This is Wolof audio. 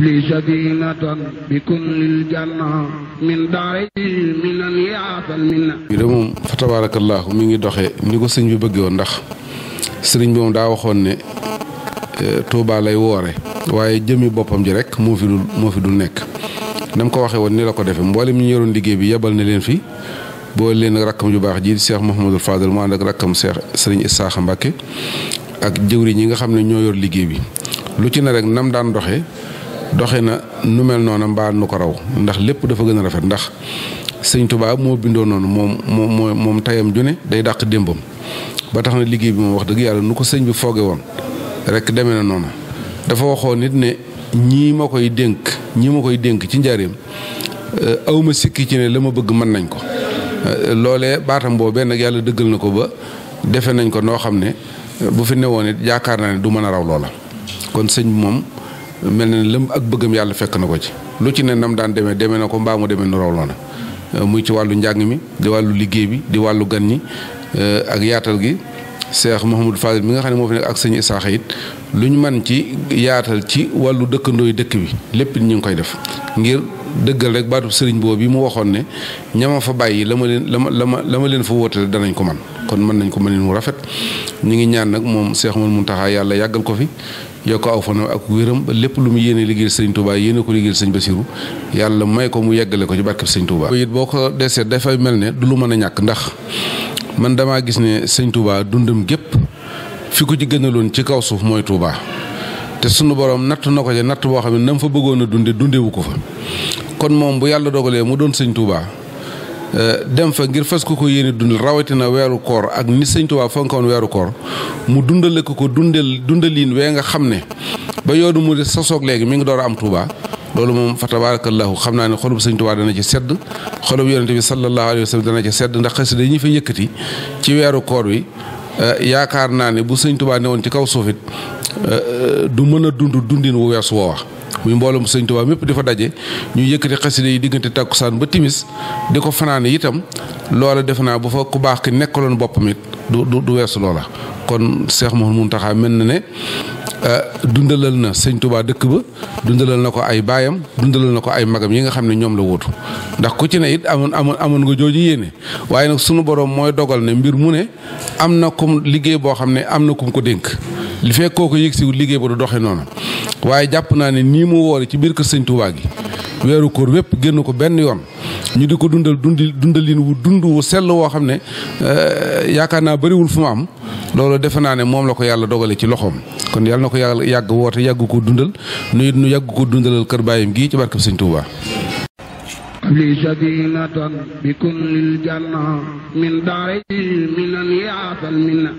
li sadinatan bi kullil de moom fa tabaarakallaahu mi ngi doxee ni ko sëñ bi bëggee woon ndax sëriñ bi moom daa waxoon ne e, Touba lay woore waaye jëmi boppam ji rek moo fi dul moo fi dul nekk nam ko waxee woon ni la ko defee mboolem ñu yoroon liggéey bi yebal na leen fi boo leen ak rakkam ju baax ji seex Mouhamadul Fadal mu ànd ak rakkam Cheikh Sëriñ Isaaxa Mbàkke ak jëwri ñi nga xam ne ñoo yor liggéey bi lu ci na rek nam daan doxee doxe na nu mel noonu mbaa nu ko raw ndax lépp dafa gën a rafet ndax sëñ tubaab moo bindoo noonu moom moom moom tayam ju ne day dàq démbam ba tax na liggéey bi moom wax dëgg yàlla nu ko sëñ bi fooge woon rek demee na noonu dafa waxoo nit ne ñii ma koy dénk ñii ma koy dénk ci njaareem euh, awma sikki ci ne la ma bëgg mën nañ ko euh, loolee baatam boobee nag yàlla dëggal na ko ba defe nañ ko noo xam ne bu fi newoon it yaakaar naa ne du mën a raw loola kon sëñ bi moom mel na ne lëm ak bëggam yàlla fekk na ko ci lu ci ne nam daan demee deme na ko mbaa mu demee nu euh, muy ci wàllu njàng mi di wàllu liggéey bi di wàllu gan ñi euh, ak yaatal gi Cheikh Mouhamadou Fadil mi nga xam ne moo fi nekk ak sëñ Isaaxa it lu ñu man ci yaatal ci wàllu dëkkandooy dëkk bi lépp ñu ngi koy def ngir dëggal rek baatu sëriñ boobu bi mu waxoon ne ñama fa bàyyi la ma leen la ma la ma la ma leen fa wóotale danañ ko man kon mën nañ ko mën leen mu rafet ñu ngi ñaan nag moom Cheikh mun Mountakha yàlla yàggal ko fi yokk aw fanam ak wéram ba lépp lu mu yéene liggéeyal sëñ Touba yéene ko liggéeyal sëñ Bassirou yàlla may ko mu yeggale ko ci barkeb sëñ Touba. it boo ko desee dafay mel ne du lu mën a ñàkk ndax man damaa gis ne sëñ Touba dundam gépp fi ko ci gënaloon ci kaw suuf mooy Touba te sunu borom natt na ko ca natt boo xam ne na mu fa bëggoon a dunde dundewu ko fa kon moom bu yàlla dogalee mu doon sëñ Touba. Euh, dem fa ngir fas ko ko yéene dund rawatina weeru koor ak ni sëñ Tuubaa fonkoon weeru koor mu dundale ko ko dundal dundaliin wee nga xam ne ba yoonu mu de sasoog léegi mi ngi door a am Tuubaa loolu moom fa tabarakallahu xam naa ne xolub sëñ Tuubaa dana ci sedd xolub yonente bi sallallahu alayhi wa sallam dana ci sedd ndax xasida yi ñu fa yëkkati ci weeru koor wi euh, yaakaar naa ne bu sëñ Tuubaa newoon ci kaw suufit euh, du mën a dund dundiin wu weesu woowa muy mbooloom sëñ Tuubaa mépp di fa daje ñu yëkkati xasida yi diggante tàkkusaan ba timis di ko fanaane itam loola defe naa bu fa ku baax ki nekkaloon boppam it du du weesu loola kon Cheikh Mouhamadou taxaa mel na ne Euh, dundalal na sëñ Touba dëkk ba dundalal na ko ay baayam dundalal na ko ay magam yi nga xam ne ñoom la wóotu ndax ku ci ne it amoon amoon amoon nga jooju yéene waaye nag sunu borom mooy dogal ne mbir mu ne am na kum liggéey boo xam ne am na kum ko dénk li fekk kooku yëg si liggéey ba du doxee noonu waaye jàpp naa ne nii mu woore ci biir kër sëñ Touba gi weeru koor wépp génn ko benn yoon ñu di ko dundal dundi dundalin wu dund wu sell woo xam ne euh, yaakaar naa bëriwul fu mu am loolu defe naa ne moom la ko yàlla dogale ci loxoom kon yàlla na ko yàlla yàgg woote yàggu ko dundal nu it nu yàgg ko dundalal kër baayam gii ci barkeb sëñ Tuuba li sadinatan bi kun